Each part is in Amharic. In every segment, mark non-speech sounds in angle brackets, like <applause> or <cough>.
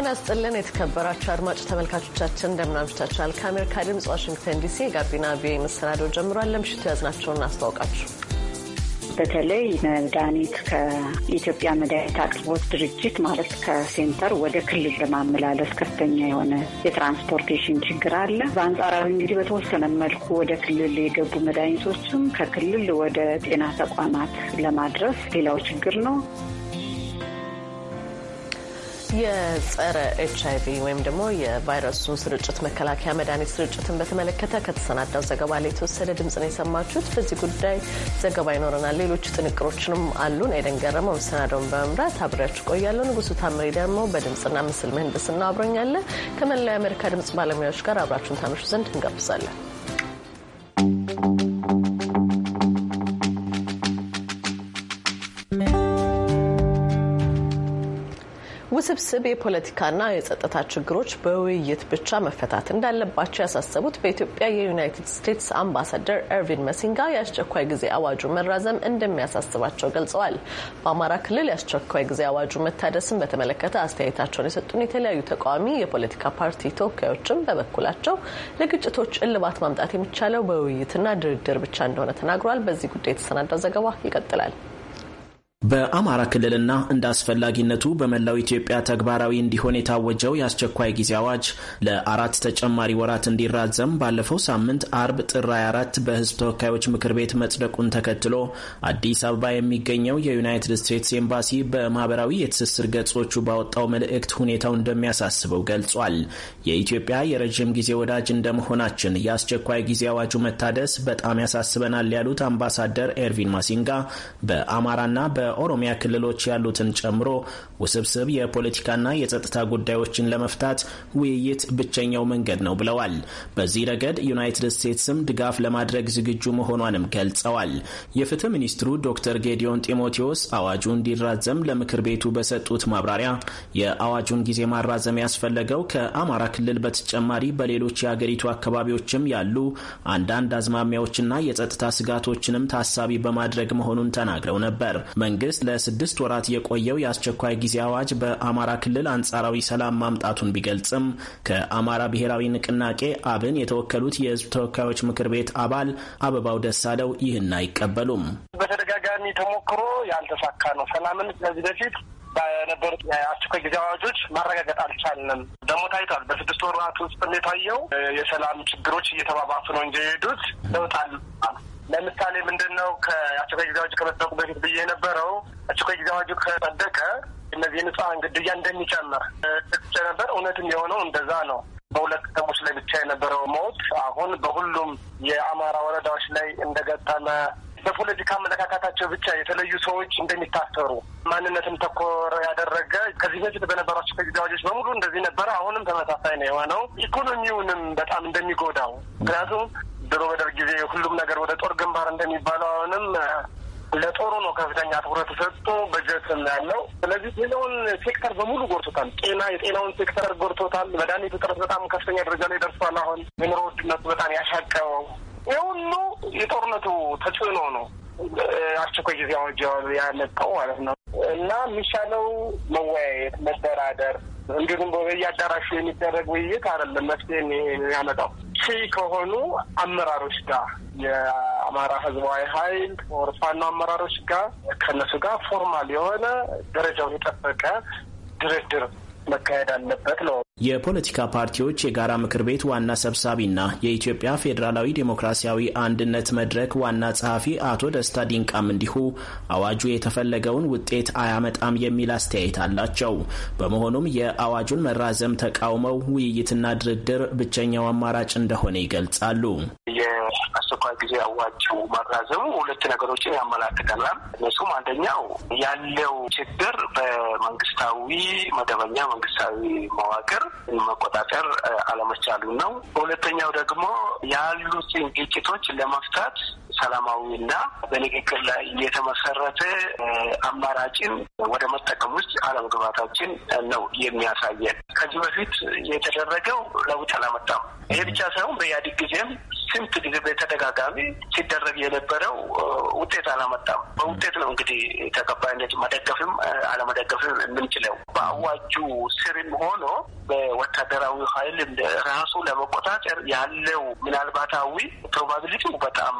ጤና ስጥልን የተከበራችሁ አድማጭ ተመልካቾቻችን እንደምናምሽታችኋል። ከአሜሪካ ድምጽ ዋሽንግተን ዲሲ የጋቢና ቢ መሰናዶ ጀምሯል። ለምሽቱ ያዝናቸውን አስተዋውቃችሁ በተለይ መድኃኒት ከኢትዮጵያ መድኃኒት አቅርቦት ድርጅት ማለት ከሴንተር ወደ ክልል ለማመላለስ ከፍተኛ የሆነ የትራንስፖርቴሽን ችግር አለ። በአንጻራዊ እንግዲህ በተወሰነ መልኩ ወደ ክልል የገቡ መድኃኒቶችም ከክልል ወደ ጤና ተቋማት ለማድረስ ሌላው ችግር ነው። የጸረ ኤች አይቪ ወይም ደግሞ የቫይረሱ ስርጭት መከላከያ መድኃኒት ስርጭትን በተመለከተ ከተሰናዳው ዘገባ ላይ የተወሰደ ድምጽ ነው የሰማችሁት። በዚህ ጉዳይ ዘገባ ይኖረናል። ሌሎች ጥንቅሮችንም አሉን። ኤደን ገረመው መሰናዳውን በመምራት አብሬያችሁ ቆያለሁ። ንጉሱ ታምሬ ደግሞ በድምፅና ምስል ምህንድስና አብሮኛለ። ከመላው የአሜሪካ ድምፅ ባለሙያዎች ጋር አብራችሁን ታመሹ ዘንድ እንጋብዛለን። ውስብስብ የፖለቲካና የጸጥታ ችግሮች በውይይት ብቻ መፈታት እንዳለባቸው ያሳሰቡት በኢትዮጵያ የዩናይትድ ስቴትስ አምባሳደር ኤርቪን መሲንጋ የአስቸኳይ ጊዜ አዋጁ መራዘም እንደሚያሳስባቸው ገልጸዋል። በአማራ ክልል የአስቸኳይ ጊዜ አዋጁ መታደስን በተመለከተ አስተያየታቸውን የሰጡን የተለያዩ ተቃዋሚ የፖለቲካ ፓርቲ ተወካዮችም በበኩላቸው ለግጭቶች እልባት ማምጣት የሚቻለው በውይይትና ድርድር ብቻ እንደሆነ ተናግሯል። በዚህ ጉዳይ የተሰናዳው ዘገባ ይቀጥላል። በአማራ ክልልና እንደ አስፈላጊነቱ በመላው ኢትዮጵያ ተግባራዊ እንዲሆን የታወጀው የአስቸኳይ ጊዜ አዋጅ ለአራት ተጨማሪ ወራት እንዲራዘም ባለፈው ሳምንት አርብ ጥር 24 በሕዝብ ተወካዮች ምክር ቤት መጽደቁን ተከትሎ አዲስ አበባ የሚገኘው የዩናይትድ ስቴትስ ኤምባሲ በማህበራዊ የትስስር ገጾቹ ባወጣው መልእክት ሁኔታው እንደሚያሳስበው ገልጿል። የኢትዮጵያ የረዥም ጊዜ ወዳጅ እንደመሆናችን የአስቸኳይ ጊዜ አዋጁ መታደስ በጣም ያሳስበናል ያሉት አምባሳደር ኤርቪን ማሲንጋ በአማራና በ በኦሮሚያ ክልሎች ያሉትን ጨምሮ ውስብስብ የፖለቲካና የጸጥታ ጉዳዮችን ለመፍታት ውይይት ብቸኛው መንገድ ነው ብለዋል። በዚህ ረገድ ዩናይትድ ስቴትስም ድጋፍ ለማድረግ ዝግጁ መሆኗንም ገልጸዋል። የፍትህ ሚኒስትሩ ዶክተር ጌዲዮን ጢሞቴዎስ አዋጁ እንዲራዘም ለምክር ቤቱ በሰጡት ማብራሪያ የአዋጁን ጊዜ ማራዘም ያስፈለገው ከአማራ ክልል በተጨማሪ በሌሎች የአገሪቱ አካባቢዎችም ያሉ አንዳንድ አዝማሚያዎችና የጸጥታ ስጋቶችንም ታሳቢ በማድረግ መሆኑን ተናግረው ነበር። መንግስት ለስድስት ወራት የቆየው የአስቸኳይ ጊዜ አዋጅ በአማራ ክልል አንጻራዊ ሰላም ማምጣቱን ቢገልጽም ከአማራ ብሔራዊ ንቅናቄ አብን የተወከሉት የህዝብ ተወካዮች ምክር ቤት አባል አበባው ደሳለው ይህን አይቀበሉም። በተደጋጋሚ ተሞክሮ ያልተሳካ ነው። ሰላምን ከዚህ በፊት በነበሩት የአስቸኳይ ጊዜ አዋጆች ማረጋገጥ አልቻልንም። ደግሞ ታይቷል። በስድስት ወራት ውስጥ እንደታየው የሰላም ችግሮች እየተባባሱ ነው እንጂ የሄዱት ለውጥ ለምሳሌ ምንድን ነው ከአስቸኳይ ጊዜ አዋጁ በፊት ብዬ የነበረው አስቸኳይ ጊዜ አዋጁ ከጸደቀ እነዚህ ንጹሐን ግድያ እንደሚጨምር ስጥቼ ነበር። እውነትም የሆነው እንደዛ ነው። በሁለት ከተሞች ላይ ብቻ የነበረው ሞት አሁን በሁሉም የአማራ ወረዳዎች ላይ እንደገጠመ በፖለቲካ አመለካከታቸው ብቻ የተለዩ ሰዎች እንደሚታሰሩ ማንነትን ተኮር ያደረገ ከዚህ በፊት በነበሩ አስቸኳይ በሙሉ እንደዚህ ነበረ። አሁንም ተመሳሳይ ነው የሆነው። ኢኮኖሚውንም በጣም እንደሚጎዳው ምክንያቱም ድሮ በደርግ ጊዜ ሁሉም ነገር ወደ ጦር ግንባር እንደሚባለው አሁንም ለጦሩ ነው ከፍተኛ ትኩረት ሰጥቶ በጀት ያለው። ስለዚህ ጤናውን ሴክተር በሙሉ ጎርቶታል። ጤና የጤናውን ሴክተር ጎርቶታል። መድኃኒት እጥረት በጣም ከፍተኛ ደረጃ ላይ ደርሷል። አሁን የኑሮ ውድነቱ በጣም ያሻቀበው ይህ ሁሉ የጦርነቱ ተጽዕኖ ነው። አስቸኳይ ጊዜ አዋጅ ያመጣው ማለት ነው እና የሚሻለው መወያየት፣ መደራደር እንዲሁም በየአዳራሹ የሚደረግ ውይይት አይደለም መፍትሄ የሚያመጣው ሺ ከሆኑ አመራሮች ጋር የአማራ ህዝባዊ ሀይል ኦርፋኖ አመራሮች ጋር ከእነሱ ጋር ፎርማል የሆነ ደረጃውን የጠበቀ ድርድር መካሄድ አለበት ነው። የፖለቲካ ፓርቲዎች የጋራ ምክር ቤት ዋና ሰብሳቢና የኢትዮጵያ ፌዴራላዊ ዴሞክራሲያዊ አንድነት መድረክ ዋና ጸሐፊ አቶ ደስታ ዲንቃም እንዲሁ አዋጁ የተፈለገውን ውጤት አያመጣም የሚል አስተያየት አላቸው። በመሆኑም የአዋጁን መራዘም ተቃውመው ውይይትና ድርድር ብቸኛው አማራጭ እንደሆነ ይገልጻሉ። የአስቸኳይ ጊዜ አዋጁ መራዘሙ ሁለት ነገሮችን ያመላክተናል። እነሱም አንደኛው ያለው ችግር በመንግስታዊ መደበኛ መንግስታዊ መዋቅር መቆጣጠር አለመቻሉ ነው። ሁለተኛው ደግሞ ያሉትን ግጭቶች ለመፍታት ሰላማዊና በንግግር ላይ የተመሰረተ አማራጭን ወደ መጠቀም ውስጥ አለመግባታችን ነው የሚያሳየን። ከዚህ በፊት የተደረገው ለውጥ አላመጣም። ይሄ ብቻ ሳይሆን በኢህአዴግ ጊዜም ስንት ጊዜ በተደጋጋሚ ሲደረግ የነበረው ውጤት አላመጣም። በውጤት ነው እንግዲህ ተቀባይነት መደገፍም አለመደገፍም የምንችለው። በአዋጁ ስርም ሆኖ በወታደራዊ ኃይል ራሱ ለመቆጣጠር ያለው ምናልባታዊ ፕሮባቢሊቲው በጣም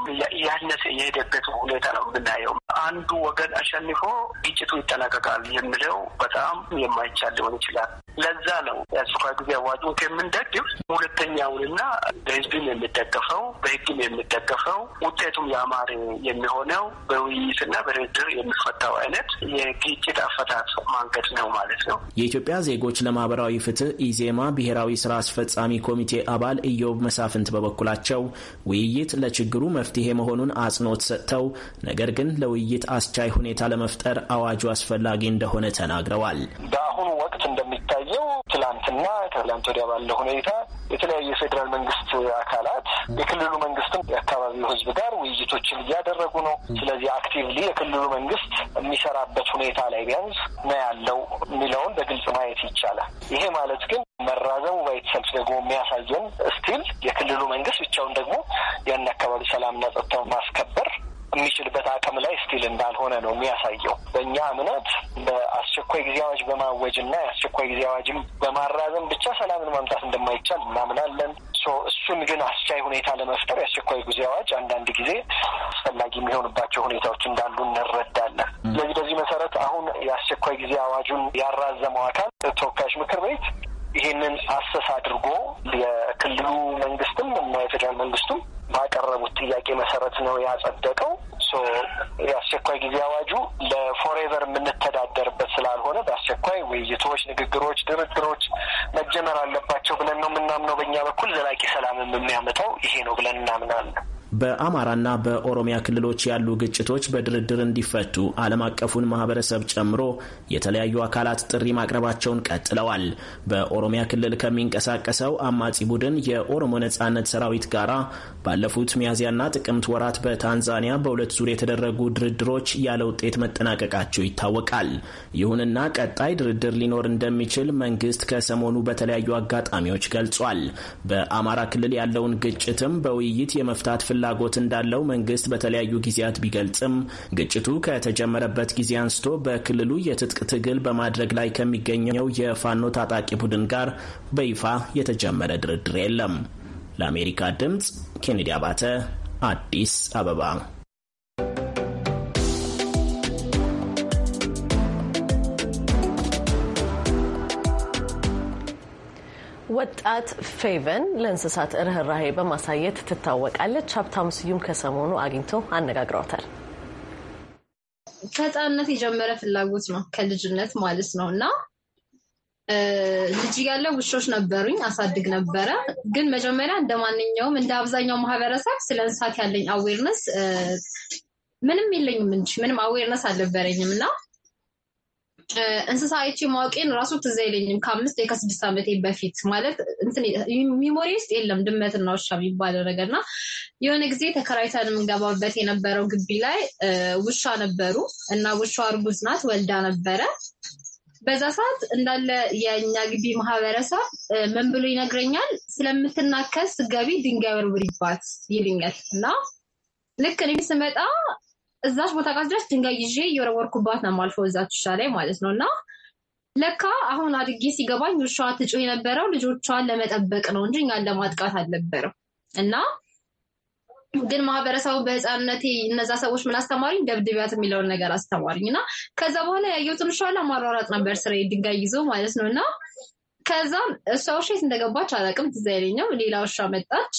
እያነሰ የሄደበት ሁኔታ ነው የምናየው። አንዱ ወገን አሸንፎ ግጭቱ ይጠናቀቃል የሚለው በጣም የማይቻል ሊሆን ይችላል። ለዛ ነው የአስቸኳይ ጊዜ አዋጁን ከምንደግፍ ሁለተኛውንና በህዝብም የሚደገፈው በህግም የሚደገፈው ውጤቱም ያማረ የሚሆነው በውይይትና በድርድር የሚፈታው አይነት የግጭት አፈታት ማንገድ ነው ማለት ነው። የኢትዮጵያ ዜጎች ለማህበራዊ ፍትህ ኢዜማ ብሔራዊ ስራ አስፈጻሚ ኮሚቴ አባል ኢዮብ መሳፍንት በበኩላቸው ውይይት ለችግሩ መፍትሄ መሆኑ መሆኑን አጽንኦት ሰጥተው ነገር ግን ለውይይት አስቻይ ሁኔታ ለመፍጠር አዋጁ አስፈላጊ እንደሆነ ተናግረዋል። በአሁኑ ወቅት እንደሚታየው ትላንትና ከትላንት ወዲያ ባለ ሁኔታ የተለያዩ የፌዴራል መንግስት አካላት የክልሉ መንግስትም የአካባቢው ሕዝብ ጋር ውይይቶችን እያደረጉ ነው። ስለዚህ አክቲቭሊ የክልሉ መንግስት የሚሰራበት ሁኔታ ላይ ቢያንስ ነው ያለው የሚለውን በግልጽ ማየት ይቻላል። ይሄ ማለት ግን መራዘሙ ሰልፍ ደግሞ የሚያሳየን ስቲል የክልሉ መንግስት ብቻውን ደግሞ ያን አካባቢ ሰላምና ጸጥታ ማስከበር የሚችልበት አቅም ላይ ስቲል እንዳልሆነ ነው የሚያሳየው። በእኛ እምነት በአስቸኳይ ጊዜ አዋጅ በማወጅ እና የአስቸኳይ ጊዜ አዋጅም በማራዘም ብቻ ሰላምን ማምጣት እንደማይቻል እናምናለን። እሱን ግን አስቻይ ሁኔታ ለመፍጠር የአስቸኳይ ጊዜ አዋጅ አንዳንድ ጊዜ አስፈላጊ የሚሆንባቸው ሁኔታዎች እንዳሉ እንረዳለን። ስለዚህ በዚህ መሰረት አሁን የአስቸኳይ ጊዜ አዋጁን ያራዘመው አካል ተወካዮች ምክር ቤት ይሄንን አሰስ አድርጎ የክልሉ መንግስትም እና የፌዴራል መንግስቱም ባቀረቡት ጥያቄ መሰረት ነው ያጸደቀው። የአስቸኳይ ጊዜ አዋጁ ለፎሬቨር የምንተዳደርበት ስላልሆነ በአስቸኳይ ውይይቶች፣ ንግግሮች፣ ድርድሮች መጀመር አለባቸው ብለን ነው የምናምነው። በእኛ በኩል ዘላቂ ሰላም የሚያመጣው ይሄ ነው ብለን እናምናለን። በአማራና በኦሮሚያ ክልሎች ያሉ ግጭቶች በድርድር እንዲፈቱ ዓለም አቀፉን ማህበረሰብ ጨምሮ የተለያዩ አካላት ጥሪ ማቅረባቸውን ቀጥለዋል። በኦሮሚያ ክልል ከሚንቀሳቀሰው አማጺ ቡድን የኦሮሞ ነጻነት ሰራዊት ጋር ባለፉት ሚያዝያና ጥቅምት ወራት በታንዛኒያ በሁለት ዙር የተደረጉ ድርድሮች ያለ ውጤት መጠናቀቃቸው ይታወቃል። ይሁንና ቀጣይ ድርድር ሊኖር እንደሚችል መንግስት ከሰሞኑ በተለያዩ አጋጣሚዎች ገልጿል። በአማራ ክልል ያለውን ግጭትም በውይይት የመፍታት ፍላጎት እንዳለው መንግስት በተለያዩ ጊዜያት ቢገልጽም ግጭቱ ከተጀመረበት ጊዜ አንስቶ በክልሉ የትጥቅ ትግል በማድረግ ላይ ከሚገኘው የፋኖ ታጣቂ ቡድን ጋር በይፋ የተጀመረ ድርድር የለም። ለአሜሪካ ድምፅ ኬኔዲ አባተ አዲስ አበባ ወጣት ፌቨን ለእንስሳት ርኅራሄ በማሳየት ትታወቃለች። ሀብታሙ ስዩም ከሰሞኑ አግኝቶ አነጋግሯታል። ከህፃንነት የጀመረ ፍላጎት ነው፣ ከልጅነት ማለት ነው እና ልጅ ያለው ውሾች ነበሩኝ፣ አሳድግ ነበረ። ግን መጀመሪያ እንደ ማንኛውም እንደ አብዛኛው ማህበረሰብ ስለ እንስሳት ያለኝ አዌርነስ ምንም የለኝም እንጂ ምንም አዌርነስ አልነበረኝም እና ውጭ እንስሳ አይቼ ማወቄን ራሱ ትዝ አይለኝም። ከአምስት ከስድስት ዓመቴ በፊት ማለት ሚሞሪ ውስጥ የለም ድመትና ውሻ የሚባል ነገር እና የሆነ ጊዜ ተከራይተን የምንገባበት የነበረው ግቢ ላይ ውሻ ነበሩ እና ውሻ እርጉዝ ናት ወልዳ ነበረ። በዛ ሰዓት እንዳለ የእኛ ግቢ ማህበረሰብ ምን ብሎ ይነግረኛል? ስለምትናከስ ገቢ ድንጋይ ወርውሪባት ይልኛል እና ልክ እኔ ስመጣ እዛች ቦታ ጋር ድረስ ድንጋይ ይዤ እየወረወርኩባት ነው የማልፈው እዛች ውሻ ላይ ማለት ነው። እና ለካ አሁን አድጌ ሲገባኝ ውሻ ትጮህ የነበረው ልጆቿን ለመጠበቅ ነው እንጂ እኛን ለማጥቃት አልነበረም። እና ግን ማህበረሰቡ በህፃንነቴ እነዛ ሰዎች ምን አስተማሪኝ፣ ደብድቢያት የሚለውን ነገር አስተማሪኝ። እና ከዛ በኋላ ያየሁትን ውሻ ለማሯሯጥ ነበር ስራዬ ድንጋይ ይዞ ማለት ነው እና ከዛም እሷ ውሻ የት እንደገባች አላቅም፣ ትዝ አይለኝም። ሌላ ውሻ መጣች።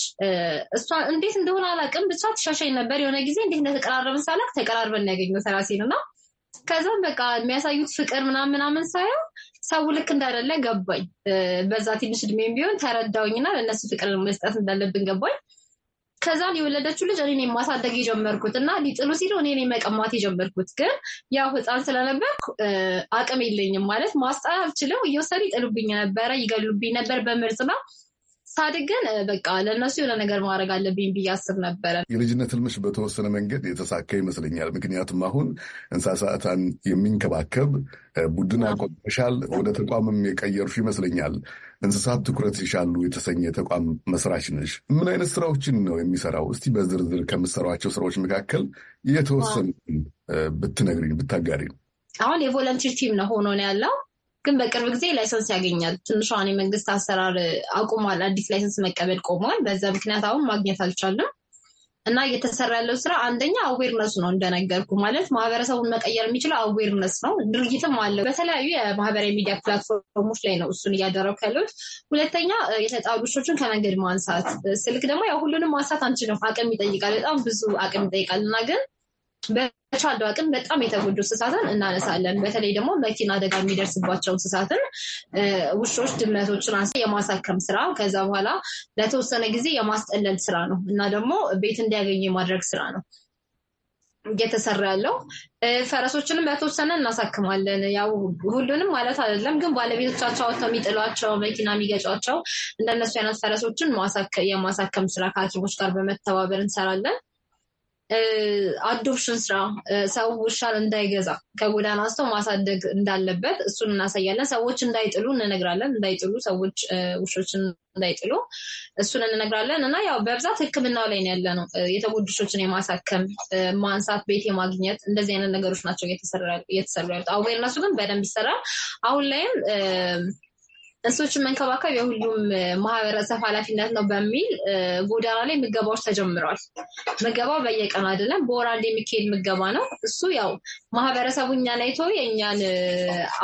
እሷ እንዴት እንደሆነ አላቅም፣ ብቻ ትሻሻኝ ነበር። የሆነ ጊዜ እንዴት እንደተቀራረብን ሳላቅ ተቀራርበን ያገኘው ራሴን እና ከዛም በቃ የሚያሳዩት ፍቅር ምናምን ምናምን ሳየው ሰው ልክ እንዳደለ ገባኝ። በዛ ትንሽ እድሜም ቢሆን ተረዳውኝና ለእነሱ ፍቅር መስጠት እንዳለብን ገባኝ። ከዛን የወለደችው ልጅ እኔ ማሳደግ የጀመርኩት እና ሊጥሉ ሲሉ እኔ መቀማት የጀመርኩት ግን ያው ህፃን ስለነበርኩ አቅም የለኝም ማለት ማስጣል አልችለው እየወሰዱ ይጥሉብኝ ነበረ፣ ይገሉብኝ ነበር በምርጥ ነው ሳድግ ግን በቃ ለእነሱ የሆነ ነገር ማድረግ አለብኝ ብዬ አስብ ነበረ። የልጅነት ህልምሽ በተወሰነ መንገድ የተሳካ ይመስለኛል። ምክንያቱም አሁን እንስሳትን የሚንከባከብ ቡድን አቋቁመሻል፣ ወደ ተቋምም የቀየርሽ ይመስለኛል። እንስሳት ትኩረት ይሻሉ የተሰኘ ተቋም መስራች ነሽ። ምን አይነት ስራዎችን ነው የሚሰራው? እስቲ በዝርዝር ከምትሰሯቸው ስራዎች መካከል የተወሰኑ ብትነግሪኝ፣ ብታጋሪ። አሁን የቮለንቲር ቲም ነው ሆኖ ነው ያለው ግን በቅርብ ጊዜ ላይሰንስ ያገኛል። ትንሿን የመንግስት አሰራር አቁሟል። አዲስ ላይሰንስ መቀበል ቆሟል። በዛ ምክንያት አሁን ማግኘት አልቻለም። እና እየተሰራ ያለው ስራ አንደኛ አዌርነሱ ነው እንደነገርኩ ማለት ማህበረሰቡን መቀየር የሚችለው አዌርነስ ነው። ድርጊትም አለው በተለያዩ የማህበራዊ ሚዲያ ፕላትፎርሞች ላይ ነው እሱን እያደረጉ ያለሁት። ሁለተኛ የተጣሉ ውሾችን ከመንገድ ማንሳት፣ ስልክ ደግሞ ያው ሁሉንም ማንሳት አንችልም፣ አቅም ይጠይቃል፣ በጣም ብዙ አቅም ይጠይቃል እና ግን በቻልነው አቅም በጣም የተጎዱ እንስሳትን እናነሳለን። በተለይ ደግሞ መኪና አደጋ የሚደርስባቸው እንስሳትን ውሾች፣ ድመቶችን አንስ የማሳከም ስራ ከዛ በኋላ ለተወሰነ ጊዜ የማስጠለል ስራ ነው እና ደግሞ ቤት እንዲያገኙ የማድረግ ስራ ነው እየተሰራ ያለው። ፈረሶችንም በተወሰነ እናሳክማለን። ያው ሁሉንም ማለት አይደለም፣ ግን ባለቤቶቻቸው አውጥተው የሚጥሏቸው መኪና የሚገጫቸው እንደነሱ አይነት ፈረሶችን የማሳከም ስራ ከሐኪሞች ጋር በመተባበር እንሰራለን። አዶፕሽን ስራ ሰው ውሻን እንዳይገዛ ከጎዳና አንስተው ማሳደግ እንዳለበት እሱን እናሳያለን። ሰዎች እንዳይጥሉ እንነግራለን። እንዳይጥሉ ሰዎች ውሾችን እንዳይጥሉ እሱን እንነግራለን። እና ያው በብዛት ሕክምናው ላይ ያለ ነው። የተጎዱ ውሾችን የማሳከም ማንሳት፣ ቤት የማግኘት እንደዚህ አይነት ነገሮች ናቸው እየተሰሩ ያሉት። እነሱ ግን በደንብ ይሰራል። አሁን ላይም እንስሶችን መንከባከብ የሁሉም ማህበረሰብ ኃላፊነት ነው በሚል ጎዳና ላይ ምገባዎች ተጀምረዋል። ምገባው በየቀኑ አይደለም፣ በወር አንድ የሚካሄድ ምገባ ነው። እሱ ያው ማህበረሰቡ እኛን አይቶ የእኛን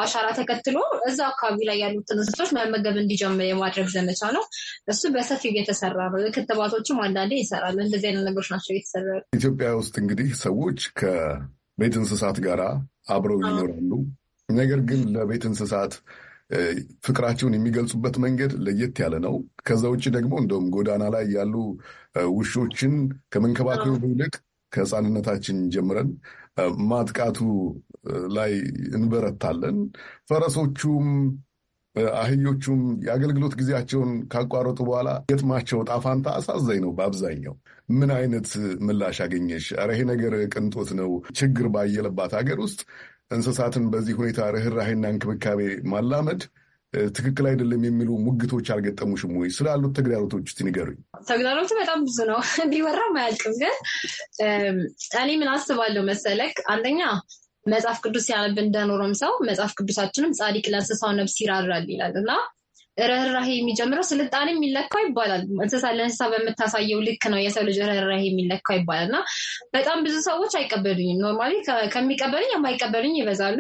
አሻራ ተከትሎ እዛ አካባቢ ላይ ያሉትን እንስሶች መመገብ እንዲጀምር የማድረግ ዘመቻ ነው። እሱ በሰፊው እየተሰራ ነው። ክትባቶችም አንዳንዴ ይሰራሉ። እንደዚህ አይነት ነገሮች ናቸው እየተሰራ ኢትዮጵያ ውስጥ እንግዲህ ሰዎች ከቤት እንስሳት ጋር አብረው ይኖራሉ። ነገር ግን ለቤት እንስሳት ፍቅራቸውን የሚገልጹበት መንገድ ለየት ያለ ነው። ከዛ ውጭ ደግሞ እንደውም ጎዳና ላይ ያሉ ውሾችን ከመንከባከቡ ይልቅ ከህፃንነታችን ጀምረን ማጥቃቱ ላይ እንበረታለን። ፈረሶቹም አህዮቹም የአገልግሎት ጊዜያቸውን ካቋረጡ በኋላ ገጥማቸው ጣፋንታ አሳዛኝ ነው። በአብዛኛው ምን አይነት ምላሽ አገኘሽ? ኧረ ይሄ ነገር ቅንጦት ነው። ችግር ባየለባት ሀገር ውስጥ እንስሳትን በዚህ ሁኔታ ርኅራሄና እንክብካቤ ማላመድ ትክክል አይደለም የሚሉ ሙግቶች አልገጠሙሽም ወይ? ስላሉት ተግዳሮቶች እስኪ ንገሩኝ። ተግዳሮቱ በጣም ብዙ ነው፣ <laughs> ቢወራ አያልቅም። ግን እኔ ምን አስባለሁ መሰለክ፣ አንደኛ መጽሐፍ ቅዱስ ሲያነብ እንደኖረም ሰው መጽሐፍ ቅዱሳችንም ጻድቅ ለእንስሳው ነብስ ይራራል ይላል እና ርኅራሄ የሚጀምረው ስልጣኔ የሚለካው ይባላል እንስሳ ለእንስሳ በምታሳየው ልክ ነው የሰው ልጅ ርኅራሄ የሚለካው ይባላል እና በጣም ብዙ ሰዎች አይቀበሉኝም። ኖርማሊ ከሚቀበሉኝ የማይቀበሉኝ ይበዛሉ፣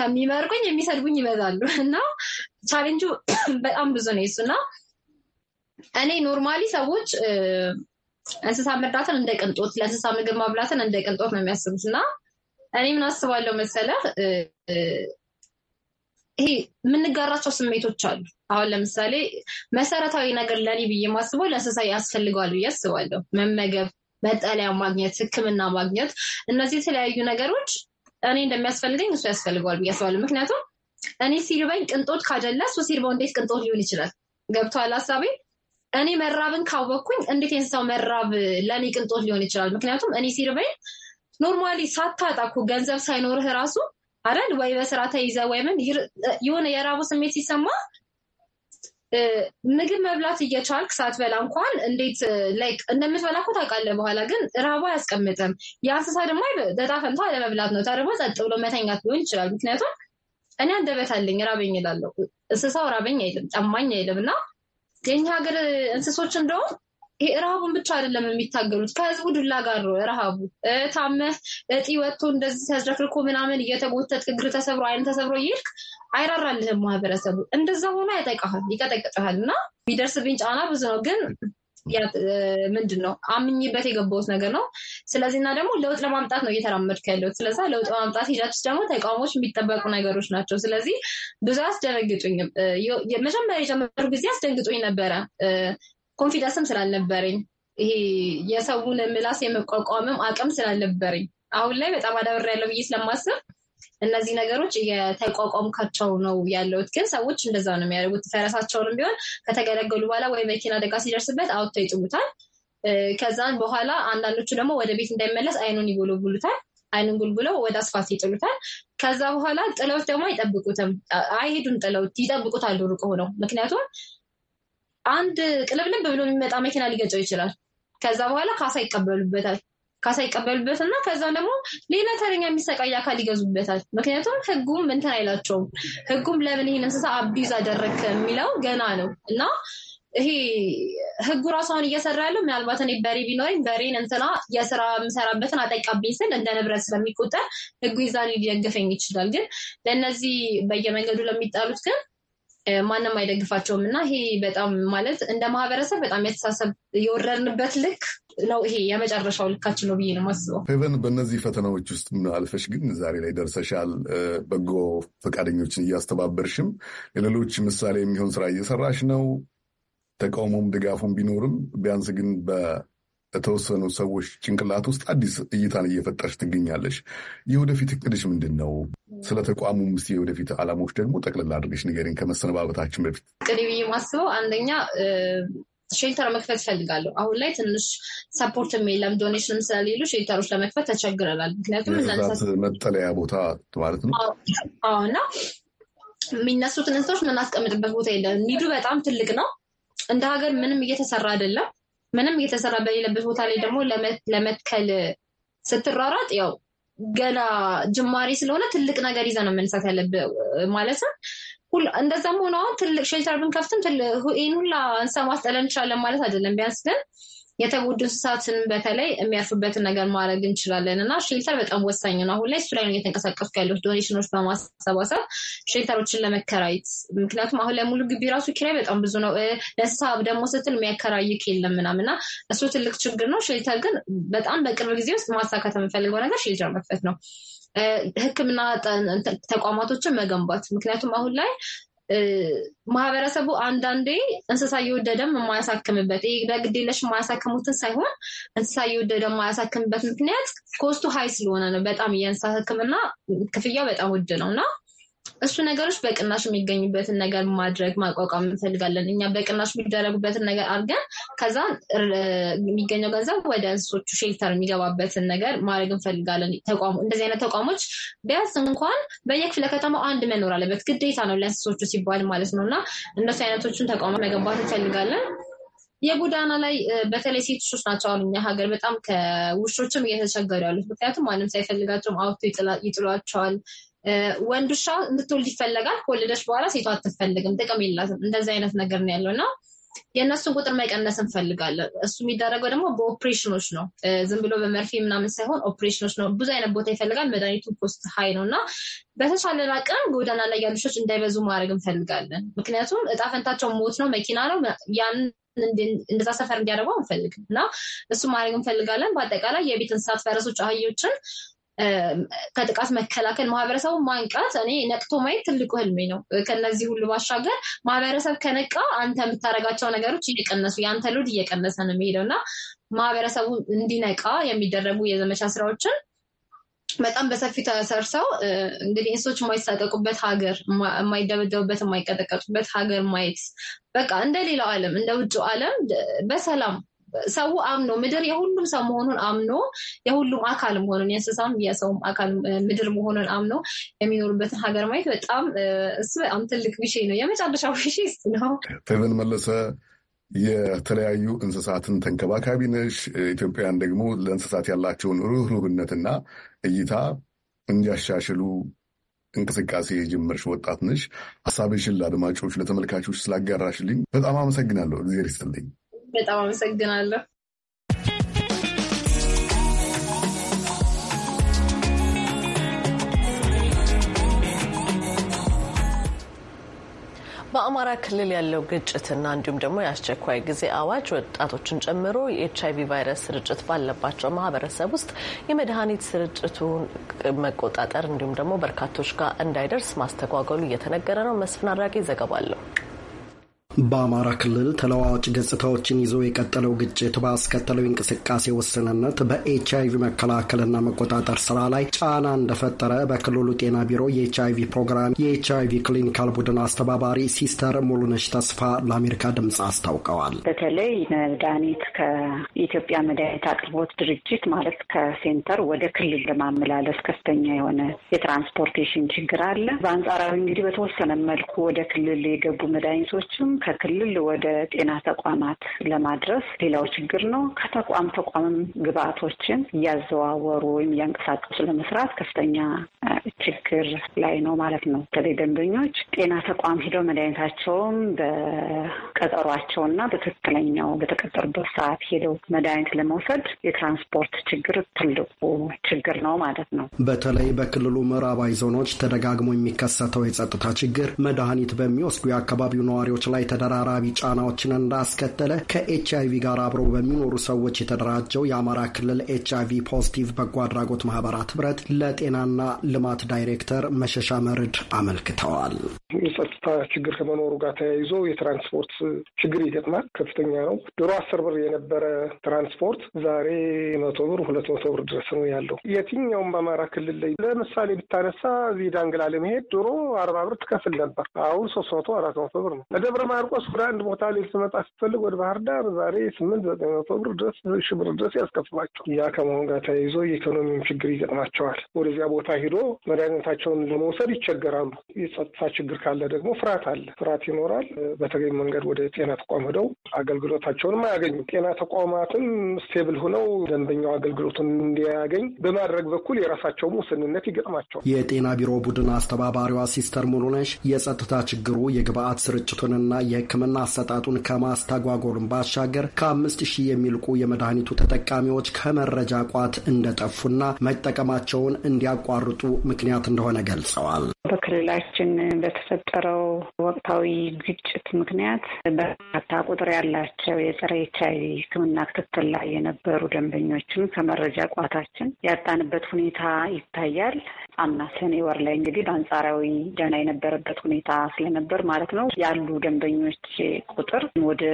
ከሚመርቁኝ የሚሰድቡኝ ይበዛሉ እና ቻሌንጁ በጣም ብዙ ነው የሱ እና እኔ ኖርማሊ ሰዎች እንስሳ መርዳትን እንደ ቅንጦት፣ ለእንስሳ ምግብ ማብላትን እንደ ቅንጦት ነው የሚያስቡት እና እኔ ምን አስባለሁ መሰለህ ይሄ የምንጋራቸው ስሜቶች አሉ። አሁን ለምሳሌ መሰረታዊ ነገር ለኔ ብዬ ማስበው ለእንስሳ ያስፈልገዋል ብዬ አስባለሁ። መመገብ፣ መጠለያ ማግኘት፣ ሕክምና ማግኘት፣ እነዚህ የተለያዩ ነገሮች እኔ እንደሚያስፈልገኝ እሱ ያስፈልገዋል ብዬ አስባለሁ። ምክንያቱም እኔ ሲርበኝ ቅንጦት ካደላ እሱ ሲርበው እንዴት ቅንጦት ሊሆን ይችላል? ገብቶሃል ሀሳቤ? እኔ መራብን ካወቅኩኝ እንዴት የእንስሳው መራብ ለእኔ ቅንጦት ሊሆን ይችላል? ምክንያቱም እኔ ሲርበኝ ኖርማሊ ሳታጣኩ ገንዘብ ሳይኖርህ ራሱ አይደል ወይ በስራ ተይዘ ወይምን የሆነ የራቡ ስሜት ሲሰማ ምግብ መብላት እየቻልክ ሳትበላ እንኳን እንዴት ላይክ እንደምትበላ እኮ ታውቃለህ። በኋላ ግን ረሃቡ አያስቀምጥም። የእንስሳ ደግሞ በጣ ፈንታ ለመብላት ነው። ተርቦ ጸጥ ብሎ መተኛት ሊሆን ይችላል። ምክንያቱም እኔ አንደበት አለኝ ራበኝ እላለሁ። እንስሳው ራበኝ አይልም፣ ጠማኝ አይልም። እና የኛ ሀገር እንስሶች እንደውም ይሄ ረሃቡን ብቻ አይደለም የሚታገሉት፣ ከህዝቡ ዱላ ጋር ነው። ረሃቡ ታመህ እጢ ወጥቶ እንደዚህ ተዝረክርኮ ምናምን እየተጎተት እግር ተሰብሮ አይን ተሰብሮ ይልክ አይራራልህም ማህበረሰቡ። እንደዛ ሆኖ ያጠቃሃል፣ ይቀጠቅጥሃል። እና የሚደርስብኝ ጫና ብዙ ነው ግን ምንድን ነው አምኝበት የገባሁት ነገር ነው። ስለዚህ እና ደግሞ ለውጥ ለማምጣት ነው እየተራመድኩ ያለሁት። ስለዛ ለውጥ ለማምጣት ሂዳችሁ ደግሞ ተቃውሞች የሚጠበቁ ነገሮች ናቸው። ስለዚህ ብዙ አያስደነግጡኝም። መጀመሪያ የጀመሩ ጊዜ አስደንግጦኝ ነበረ። ኮንፊደንስም ስላልነበረኝ ይሄ የሰውን ምላስ የመቋቋምም አቅም ስላልነበረኝ አሁን ላይ በጣም አዳብር ያለው ብዬ ስለማስብ እነዚህ ነገሮች የተቋቋምካቸው ነው ያለውት ግን ሰዎች እንደዛ ነው የሚያደርጉት። ፈረሳቸውንም ቢሆን ከተገለገሉ በኋላ ወይ መኪና አደጋ ሲደርስበት አውጥተው ይጥሉታል። ከዛን በኋላ አንዳንዶቹ ደግሞ ወደ ቤት እንዳይመለስ አይኑን ይጎለጉሉታል። አይኑን ጉልጉለው ወደ አስፋልት ይጥሉታል። ከዛ በኋላ ጥለውት ደግሞ አይጠብቁትም፣ አይሄዱም። ጥለውት ይጠብቁታሉ ሩቅ ሆነው። ምክንያቱም አንድ ቅልብልም ብሎ የሚመጣ መኪና ሊገጨው ይችላል። ከዛ በኋላ ካሳ ይቀበሉበታል። ካሳ ይቀበሉበት እና ከዛ ደግሞ ሌላ ተረኛ የሚሰቃይ አካል ይገዙበታል። ምክንያቱም ህጉም እንትን አይላቸውም። ህጉም ለምን ይህን እንስሳ አቢዝ አደረግክ የሚለው ገና ነው እና ይሄ ህጉ ራሷን እየሰራ ያለው ምናልባት እኔ በሬ ቢኖረኝ በሬን እንትና የስራ የምሰራበትን አጠቃብኝ ስል እንደ ንብረት ስለሚቆጠር ህጉ ይዛ ሊደግፈኝ ይችላል። ግን ለእነዚህ በየመንገዱ ለሚጣሉት ግን ማንም አይደግፋቸውም እና ይሄ በጣም ማለት እንደ ማህበረሰብ በጣም የተሳሰብ የወረድንበት ልክ ነው። ይሄ የመጨረሻው ልካችን ነው ብዬ ነው ማስበው። ፌቨን፣ በእነዚህ ፈተናዎች ውስጥ ምን አልፈሽ ግን ዛሬ ላይ ደርሰሻል። በጎ ፈቃደኞችን እያስተባበርሽም ለሌሎች ምሳሌ የሚሆን ስራ እየሰራሽ ነው። ተቃውሞም ድጋፉም ቢኖርም ቢያንስ ግን ለተወሰኑ ሰዎች ጭንቅላት ውስጥ አዲስ እይታን እየፈጠረች ትገኛለሽ። የወደፊት እቅድሽ ምንድን ነው? ስለ ተቋሙ ምስ የወደፊት አላማዎች ደግሞ ጠቅልላ አድርገሽ ንገሪን ከመሰነባበታችን በፊት። ቅድ ብዬ ማስበው አንደኛ ሼልተር መክፈት ይፈልጋለሁ። አሁን ላይ ትንሽ ሰፖርትም የለም፣ ዶኔሽንም ስለሌሉ ሼልተሮች ለመክፈት ተቸግረናል። ምክንያቱም መጠለያ ቦታ ማለት ነው እና የሚነሱትን እንስቶች ምናስቀምጥበት ቦታ የለም። ኒዱ በጣም ትልቅ ነው። እንደ ሀገር ምንም እየተሰራ አይደለም። ምንም እየተሰራ በሌለበት ቦታ ላይ ደግሞ ለመትከል ስትራራጥ ያው ገና ጅማሬ ስለሆነ ትልቅ ነገር ይዘ ነው መነሳት ያለብ ማለት ነው። እንደዛም ሆነ አሁን ትልቅ ሼልተር ብንከፍትም ይህን ሁላ እንስሳ ማስጠለል እንችላለን ማለት አይደለም። ቢያንስ ግን የተጎዱ እንስሳትን በተለይ የሚያርፉበትን ነገር ማድረግ እንችላለን እና ሼልተር በጣም ወሳኝ ነው። አሁን ላይ እሱ ላይ ነው እየተንቀሳቀሱ ያለች ዶኔሽኖች በማሰባሰብ ሼልተሮችን ለመከራየት። ምክንያቱም አሁን ላይ ሙሉ ግቢ ራሱ ኪራይ በጣም ብዙ ነው። ለእንስሳ ደግሞ ስትል የሚያከራይክ የለም ምናምን እና እሱ ትልቅ ችግር ነው። ሼልተር ግን በጣም በቅርብ ጊዜ ውስጥ ማሳካት የምፈልገው ነገር ሼልተር መክፈት ነው። ሕክምና ተቋማቶችን መገንባት ምክንያቱም አሁን ላይ ማህበረሰቡ አንዳንዴ እንስሳ እየወደደም የማያሳክምበት ይህ በግዴለሽ የማያሳክሙትን ሳይሆን እንስሳ እየወደደ የማያሳክምበት ምክንያት ኮስቱ ሀይ ስለሆነ ነው። በጣም የእንስሳ ሕክምና ክፍያው በጣም ውድ ነው እና እሱ ነገሮች በቅናሽ የሚገኙበትን ነገር ማድረግ ማቋቋም እንፈልጋለን። እኛ በቅናሽ የሚደረጉበትን ነገር አድርገን ከዛ የሚገኘው ገንዘብ ወደ እንስሶቹ ሼልተር የሚገባበትን ነገር ማድረግ እንፈልጋለን። ተቋሙ እንደዚህ አይነት ተቋሞች ቢያንስ እንኳን በየክፍለ ከተማው አንድ መኖር አለበት፣ ግዴታ ነው ለእንስሶቹ ሲባል ማለት ነው። እና እነሱ አይነቶችን ተቋማት መገንባት እንፈልጋለን። የጎዳና ላይ በተለይ ሴት ውሾች ናቸው አሉ እኛ ሀገር በጣም ከውሾችም እየተቸገሩ ያሉት፣ ምክንያቱም ማንም ሳይፈልጋቸውም አውቶ ይጥሏቸዋል። ወንድ ውሻ እንድትወልድ ይፈለጋል። ከወለደች በኋላ ሴቷ አትፈልግም፣ ጥቅም የላትም። እንደዚህ አይነት ነገር ነው ያለው እና የእነሱን ቁጥር መቀነስ እንፈልጋለን። እሱ የሚደረገው ደግሞ በኦፕሬሽኖች ነው፣ ዝም ብሎ በመርፌ ምናምን ሳይሆን ኦፕሬሽኖች ነው። ብዙ አይነት ቦታ ይፈልጋል። መድኃኒቱ ፖስት ሀይ ነው እና በተቻለን አቅም ጎዳና ላይ ያሉ ውሾች እንዳይበዙ ማድረግ እንፈልጋለን። ምክንያቱም እጣ ፈንታቸው ሞት ነው፣ መኪና ነው። ያንን እንደዛ ሰፈር እንዲያደርገው አንፈልግም እና እሱ ማድረግ እንፈልጋለን። በአጠቃላይ የቤት እንስሳት ፈረሶች፣ አህዮችን ከጥቃት መከላከል ማህበረሰቡ ማንቃት እኔ ነቅቶ ማየት ትልቁ ህልሜ ነው። ከነዚህ ሁሉ ባሻገር ማህበረሰብ ከነቃ አንተ የምታደርጋቸው ነገሮች እየቀነሱ የአንተ ሎድ እየቀነሰ ነው የሚሄደው እና ማህበረሰቡ እንዲነቃ የሚደረጉ የዘመቻ ስራዎችን በጣም በሰፊ ተሰርሰው እንግዲህ እንስሶች የማይሳቀቁበት ሀገር፣ የማይደበደቡበት፣ የማይቀጠቀጡበት ሀገር ማየት በቃ እንደ ሌላው ዓለም እንደ ውጭ ዓለም በሰላም ሰው አምኖ ምድር የሁሉም ሰው መሆኑን አምኖ የሁሉም አካል መሆኑን የእንስሳም የሰውም አካል ምድር መሆኑን አምኖ የሚኖሩበትን ሀገር ማየት በጣም እሱ በጣም ትልቅ ቢሼ ነው። የመጨረሻ ቢሼ ነው። ፌቨን መለሰ የተለያዩ እንስሳትን ተንከባካቢ ነሽ። ኢትዮጵያን ደግሞ ለእንስሳት ያላቸውን ርኅሩህነትና እይታ እንዲያሻሽሉ እንቅስቃሴ የጀመርሽ ወጣት ነሽ። ሀሳብሽን ለአድማጮች ለተመልካቾች ስላጋራሽልኝ በጣም አመሰግናለሁ። እግዜር ይስጥልኝ። በጣም አመሰግናለሁ። በአማራ ክልል ያለው ግጭትና እንዲሁም ደግሞ የአስቸኳይ ጊዜ አዋጅ ወጣቶችን ጨምሮ የኤች አይቪ ቫይረስ ስርጭት ባለባቸው ማህበረሰብ ውስጥ የመድኃኒት ስርጭቱን መቆጣጠር እንዲሁም ደግሞ በርካቶች ጋር እንዳይደርስ ማስተጓገሉ እየተነገረ ነው። መስፍን አድራጊ ዘገባ አለው። በአማራ ክልል ተለዋዋጭ ገጽታዎችን ይዞ የቀጠለው ግጭት ባስከተለው እንቅስቃሴ ውስንነት በኤች አይቪ መከላከልና መቆጣጠር ስራ ላይ ጫና እንደፈጠረ በክልሉ ጤና ቢሮ የኤች አይቪ ፕሮግራም የኤች ቪ ክሊኒካል ቡድን አስተባባሪ ሲስተር ሙሉነሽ ተስፋ ለአሜሪካ ድምፅ አስታውቀዋል። በተለይ መድኃኒት ከኢትዮጵያ መድኃኒት አቅርቦት ድርጅት ማለት ከሴንተር ወደ ክልል ለማመላለስ ከፍተኛ የሆነ የትራንስፖርቴሽን ችግር አለ። በአንጻራዊ እንግዲህ በተወሰነ መልኩ ወደ ክልል የገቡ መድኃኒቶችም ከክልል ወደ ጤና ተቋማት ለማድረስ ሌላው ችግር ነው። ከተቋም ተቋምም ግብአቶችን እያዘዋወሩ ወይም እያንቀሳቀሱ ለመስራት ከፍተኛ ችግር ላይ ነው ማለት ነው። በተለይ ደንበኞች ጤና ተቋም ሂደው መድኃኒታቸውም በቀጠሯቸውና በትክክለኛው በተቀጠሩበት ሰዓት ሄደው መድኃኒት ለመውሰድ የትራንስፖርት ችግር ትልቁ ችግር ነው ማለት ነው። በተለይ በክልሉ ምዕራባዊ ዞኖች ተደጋግሞ የሚከሰተው የጸጥታ ችግር መድኃኒት በሚወስዱ የአካባቢው ነዋሪዎች ላይ ተደራራቢ ጫናዎችን እንዳስከተለ ከኤች አይቪ ጋር አብረው በሚኖሩ ሰዎች የተደራጀው የአማራ ክልል ኤች አይቪ ፖዚቲቭ በጎ አድራጎት ማህበራት ህብረት ለጤናና ልማት ዳይሬክተር መሸሻ መርድ አመልክተዋል። የጸጥታ ችግር ከመኖሩ ጋር ተያይዞ የትራንስፖርት ችግር ይገጥማል። ከፍተኛ ነው። ድሮ አስር ብር የነበረ ትራንስፖርት ዛሬ መቶ ብር፣ ሁለት መቶ ብር ድረስ ነው ያለው። የትኛውም በአማራ ክልል ላይ ለምሳሌ ብታነሳ እዚህ ዳንግላ ለመሄድ ድሮ አርባ ብር ትከፍል ነበር። አሁን ሶስት መቶ አራት መቶ ብር ነው። ለደብረ ቂርቆስ ወደ አንድ ቦታ ሌል ስመጣ ስትፈልግ ወደ ባህር ዳር ዛሬ ስምንት ዘጠኝ መቶ ብር ድረስ ሺ ብር ድረስ ያስከፍሏቸው። ያ ከመሆን ጋር ተያይዞ የኢኮኖሚውን ችግር ይገጥማቸዋል። ወደዚያ ቦታ ሂዶ መድኃኒታቸውን ለመውሰድ ይቸገራሉ። የጸጥታ ችግር ካለ ደግሞ ፍርሃት አለ፣ ፍርሃት ይኖራል። በተገኝ መንገድ ወደ ጤና ተቋም ሄደው አገልግሎታቸውንም አያገኙም። ጤና ተቋማትም ስቴብል ሆነው ደንበኛው አገልግሎቱን እንዲያገኝ በማድረግ በኩል የራሳቸው ውስንነት ይገጥማቸዋል። የጤና ቢሮ ቡድን አስተባባሪዋ ሲስተር ሙሉነሽ የጸጥታ ችግሩ የግብአት ስርጭቱንና የህክምና አሰጣጡን ከማስተጓጎሉን ባሻገር ከአምስት ሺህ የሚልቁ የመድኃኒቱ ተጠቃሚዎች ከመረጃ ቋት እንደጠፉና መጠቀማቸውን እንዲያቋርጡ ምክንያት እንደሆነ ገልጸዋል። በክልላችን በተፈጠረው ወቅታዊ ግጭት ምክንያት በርካታ ቁጥር ያላቸው የጸረ ኤች አይ ቪ ሕክምና ክትትል ላይ የነበሩ ደንበኞችም ከመረጃ ቋታችን ያጣንበት ሁኔታ ይታያል። አምና ሰኔ ወር ላይ እንግዲህ በአንጻራዊ ደህና የነበረበት ሁኔታ ስለነበር ማለት ነው ያሉ ደንበኞች ቁጥር ወደ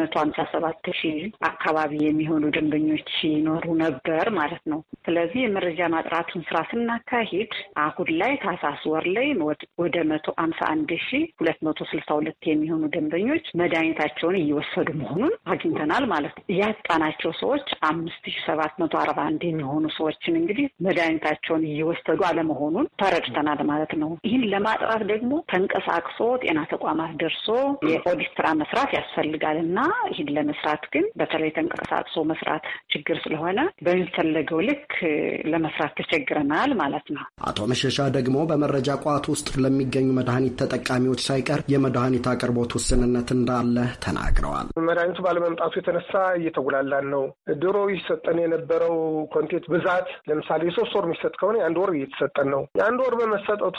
መቶ ሀምሳ ሰባት ሺህ አካባቢ የሚሆኑ ደንበኞች ይኖሩ ነበር ማለት ነው። ስለዚህ የመረጃ ማጥራቱን ስራ ስናካሂድ አሁን ላይ ታህሳስ ወር ላይ ላይ ወደ መቶ አምሳ አንድ ሺ ሁለት መቶ ስልሳ ሁለት የሚሆኑ ደንበኞች መድኃኒታቸውን እየወሰዱ መሆኑን አግኝተናል ማለት ነው። ያጣናቸው ሰዎች አምስት ሺ ሰባት መቶ አርባ አንድ የሚሆኑ ሰዎችን እንግዲህ መድኃኒታቸውን እየወሰዱ አለመሆኑን ተረድተናል ማለት ነው። ይህን ለማጥራት ደግሞ ተንቀሳቅሶ ጤና ተቋማት ደርሶ የኦዲት ስራ መስራት ያስፈልጋል እና ይህን ለመስራት ግን በተለይ ተንቀሳቅሶ መስራት ችግር ስለሆነ በሚፈለገው ልክ ለመስራት ተቸግረናል ማለት ነው። አቶ መሸሻ ደግሞ በመረጃ ቋ ተቋማት ውስጥ ለሚገኙ መድኃኒት ተጠቃሚዎች ሳይቀር የመድኃኒት አቅርቦት ውስንነት እንዳለ ተናግረዋል። መድኃኒቱ ባለመምጣቱ የተነሳ እየተጉላላን ነው። ድሮ ይሰጠን የነበረው ኮንቴት ብዛት ለምሳሌ የሶስት ወር የሚሰጥ ከሆነ የአንድ ወር እየተሰጠን ነው። የአንድ ወር በመሰጠቱ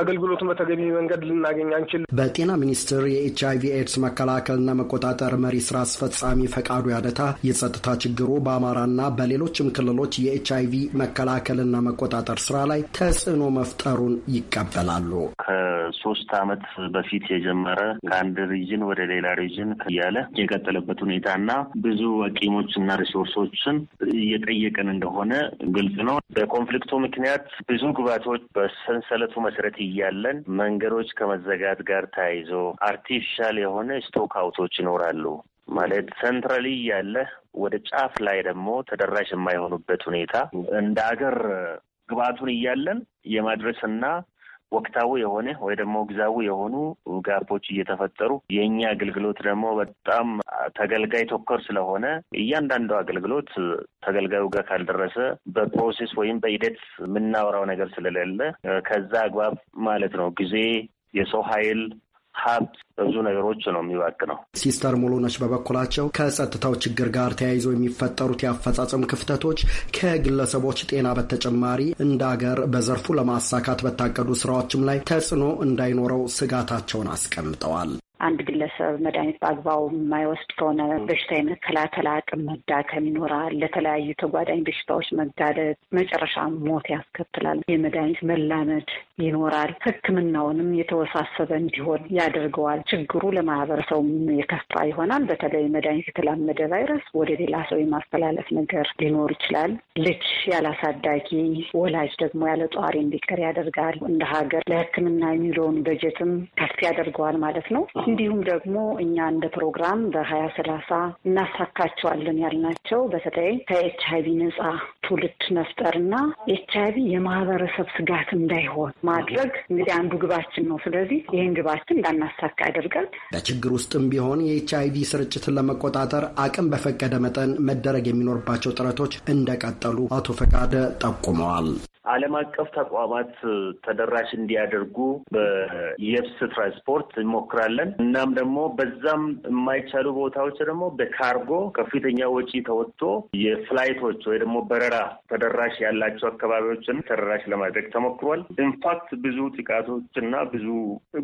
አገልግሎቱን በተገቢ መንገድ ልናገኝ አንችል። በጤና ሚኒስቴር የኤች አይቪ ኤድስ መከላከልና መቆጣጠር መሪ ስራ አስፈጻሚ ፈቃዱ ያደታ የጸጥታ ችግሩ በአማራና በሌሎችም ክልሎች የኤች አይቪ መከላከልና መቆጣጠር ስራ ላይ ተጽዕኖ መፍጠሩን ይቀበላሉ። ከሶስት አመት በፊት የጀመረ ከአንድ ሪጅን ወደ ሌላ ሪጅን እያለ የቀጠለበት ሁኔታ እና ብዙ አቂሞች እና ሪሶርሶችን እየጠየቀን እንደሆነ ግልጽ ነው። በኮንፍሊክቱ ምክንያት ብዙ ግባቶች በሰንሰለቱ መሰረት እያለን መንገዶች ከመዘጋት ጋር ተያይዞ አርቲፊሻል የሆነ ስቶክ አውቶች ይኖራሉ። ማለት ሰንትራሊ ያለ ወደ ጫፍ ላይ ደግሞ ተደራሽ የማይሆኑበት ሁኔታ እንደ አገር ግብአቱን እያለን የማድረስና ወቅታዊ የሆነ ወይ ደግሞ ግዛዊ የሆኑ ጋፖች እየተፈጠሩ የእኛ አገልግሎት ደግሞ በጣም ተገልጋይ ተኮር ስለሆነ እያንዳንዱ አገልግሎት ተገልጋዩ ጋር ካልደረሰ በፕሮሴስ ወይም በሂደት የምናወራው ነገር ስለሌለ ከዛ አግባብ ማለት ነው ጊዜ የሰው ኃይል ሀብት ብዙ ነገሮች ነው ነው። ሲስተር ሙሉነች በበኩላቸው ከጸጥታው ችግር ጋር ተያይዞ የሚፈጠሩት የአፈጻጸም ክፍተቶች ከግለሰቦች ጤና በተጨማሪ እንደ አገር በዘርፉ ለማሳካት በታቀዱ ስራዎችም ላይ ተጽዕኖ እንዳይኖረው ስጋታቸውን አስቀምጠዋል። አንድ ግለሰብ መድኃኒት በአግባቡ የማይወስድ ከሆነ በሽታ የመከላከል አቅም መዳከም ይኖራል። ለተለያዩ ተጓዳኝ በሽታዎች መጋለጥ መጨረሻ ሞት ያስከትላል። የመድኃኒት መላመድ ይኖራል። ሕክምናውንም የተወሳሰበ እንዲሆን ያደርገዋል። ችግሩ ለማህበረሰቡም የከፋ ይሆናል። በተለይ መድኃኒት የተላመደ ቫይረስ ወደ ሌላ ሰው የማስተላለፍ ነገር ሊኖር ይችላል። ልጅ ያላሳዳጊ ወላጅ ደግሞ ያለ ጧሪ እንዲቀር ያደርጋል። እንደ ሀገር ለሕክምና የሚለውን በጀትም ከፍ ያደርገዋል ማለት ነው። እንዲሁም ደግሞ እኛ እንደ ፕሮግራም በሀያ ሰላሳ እናሳካቸዋለን ያልናቸው በተለይ ከኤች አይቪ ነጻ ትውልድ መፍጠርና ኤች አይቪ የማህበረሰብ ስጋት እንዳይሆን ማድረግ እንግዲህ አንዱ ግባችን ነው። ስለዚህ ይህን ግባችን እንዳናሳካ ያደርጋል። በችግር ውስጥም ቢሆን የኤች አይቪ ስርጭትን ለመቆጣጠር አቅም በፈቀደ መጠን መደረግ የሚኖርባቸው ጥረቶች እንደቀጠሉ አቶ ፈቃደ ጠቁመዋል። ዓለም አቀፍ ተቋማት ተደራሽ እንዲያደርጉ በየብስ ትራንስፖርት እንሞክራለን። እናም ደግሞ በዛም የማይቻሉ ቦታዎች ደግሞ በካርጎ ከፍተኛ ወጪ ተወጥቶ የፍላይቶች ወይ ደግሞ በረራ ተደራሽ ያላቸው አካባቢዎችን ተደራሽ ለማድረግ ተሞክሯል። ኢንፋክት ብዙ ጥቃቶች እና ብዙ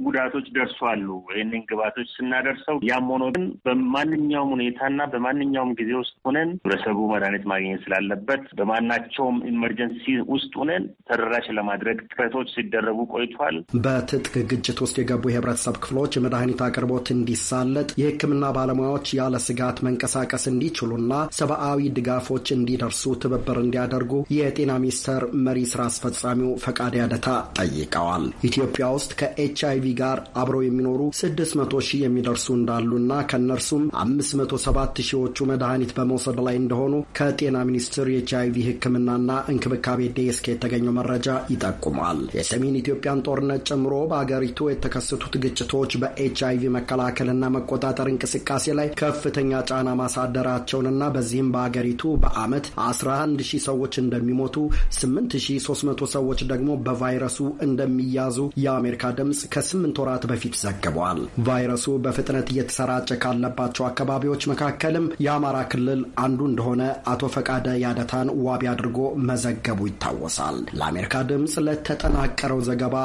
ጉዳቶች ደርሷሉ። ይህንን ግባቶች ስናደርሰው ያም ሆኖ ግን በማንኛውም ሁኔታና በማንኛውም ጊዜ ውስጥ ሆነን ህብረተሰቡ መድኃኒት ማግኘት ስላለበት በማናቸውም ኢመርጀንሲ ውስጥ ሆነን ተደራሽ ለማድረግ ጥረቶች ሲደረጉ ቆይቷል። በትጥቅ ግጭት ውስጥ የገቡ የህብረተሰብ ክፍሎች የመድኃኒት አቅርቦት እንዲሳለጥ፣ የህክምና ባለሙያዎች ያለ ስጋት መንቀሳቀስ እንዲችሉና ሰብአዊ ድጋፎች እንዲደርሱ ትብብር እንዲያደርጉ የጤና ሚኒስቴር መሪ ስራ አስፈጻሚው ፈቃድ ያደታ ጠይቀዋል። ኢትዮጵያ ውስጥ ከኤች አይቪ ጋር አብረው የሚኖሩ 600 ሺህ የሚደርሱ እንዳሉና ከእነርሱም 507 ሺዎቹ መድኃኒት በመውሰድ ላይ እንደሆኑ ከጤና ሚኒስቴር የኤች አይቪ ህክምናና እንክብካቤ ዴስክ የተገኘው መረጃ ይጠቁማል። የሰሜን ኢትዮጵያን ጦርነት ጨምሮ በአገሪቱ የተከሰቱት ግጭቶች በኤች ቪ መከላከልና መቆጣጠር እንቅስቃሴ ላይ ከፍተኛ ጫና ማሳደራቸውንና በዚህም በአገሪቱ በአመት 11 ሺህ ሰዎች እንደሚሞቱ 8300 ሰዎች ደግሞ በቫይረሱ እንደሚያዙ የአሜሪካ ድምፅ ከስምንት ወራት በፊት ዘግቧል። ቫይረሱ በፍጥነት እየተሰራጨ ካለባቸው አካባቢዎች መካከልም የአማራ ክልል አንዱ እንደሆነ አቶ ፈቃደ ያደታን ዋቢ አድርጎ መዘገቡ ይታወሳል። ይቀጥላል። ለአሜሪካ ድምፅ ለተጠናቀረው ዘገባ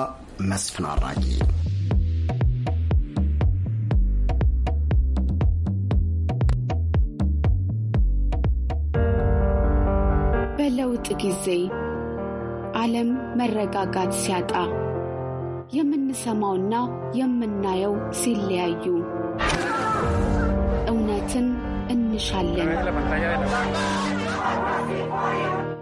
መስፍን አራጊ በለውጥ ጊዜ ዓለም መረጋጋት ሲያጣ የምንሰማውና የምናየው ሲለያዩ እውነትን እንሻለን።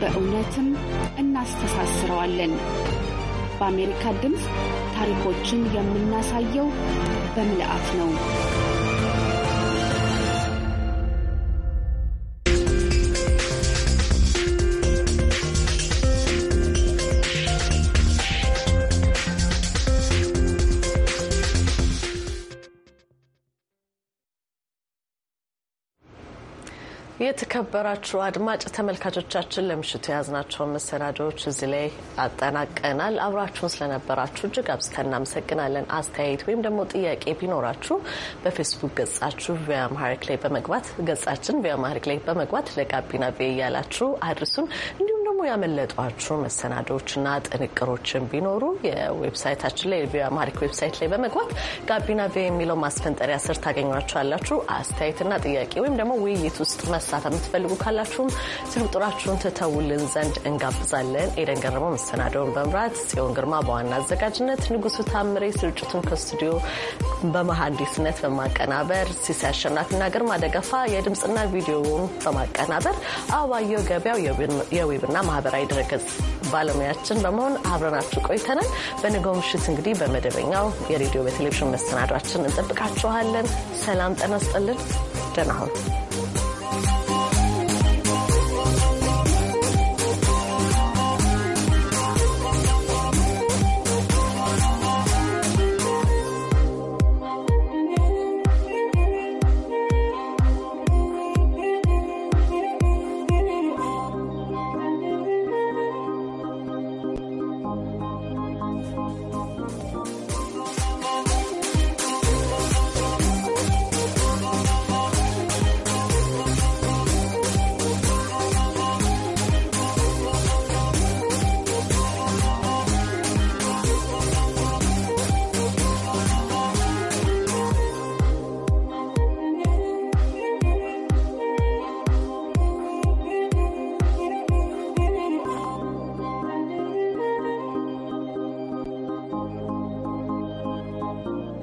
በእውነትም እናስተሳስረዋለን። በአሜሪካ ድምፅ ታሪኮችን የምናሳየው በምልአት ነው። የተከበራችሁ አድማጭ ተመልካቾቻችን ለምሽቱ የያዝናቸውን መሰናዶዎች እዚህ ላይ አጠናቀናል። አብራችሁን ስለነበራችሁ እጅግ አብዝተን እናመሰግናለን። አስተያየት ወይም ደግሞ ጥያቄ ቢኖራችሁ በፌስቡክ ገጻችሁ ቪያማሪክ ላይ በመግባት ገጻችን ቪያማሪክ ላይ በመግባት ለጋቢና ቪ እያላችሁ አድርሱን። ደግሞ ያመለጧችሁ መሰናዶዎችና ጥንቅሮችን ቢኖሩ የዌብሳይታችን ላይ ቪኦኤ አማሪክ ዌብሳይት ላይ በመግባት ጋቢና ቪኦኤ የሚለው ማስፈንጠሪያ ስር ታገኟቸዋላችሁ። አስተያየትና ጥያቄ ወይም ደግሞ ውይይት ውስጥ መሳተፍ የምትፈልጉ ካላችሁም ስልክ ቁጥራችሁን ትተውልን ዘንድ እንጋብዛለን። ኤደን ገረመው መሰናዶውን በምራት ጽዮን ግርማ በዋና አዘጋጅነት፣ ንጉሱ ታምሬ ስርጭቱን ከስቱዲዮ በመሐንዲስነት በማቀናበር ሲሲ አሸናፊና ግርማ ደገፋ የድምፅና ቪዲዮውን በማቀናበር አባየው ገበያው የዌብና ማህበራዊ ድረገጽ ባለሙያችን በመሆን አብረናችሁ ቆይተናል። በነገው ምሽት እንግዲህ በመደበኛው የሬዲዮ በቴሌቪዥን መሰናዷችን እንጠብቃችኋለን። ሰላም ጠነስጥልን ደህና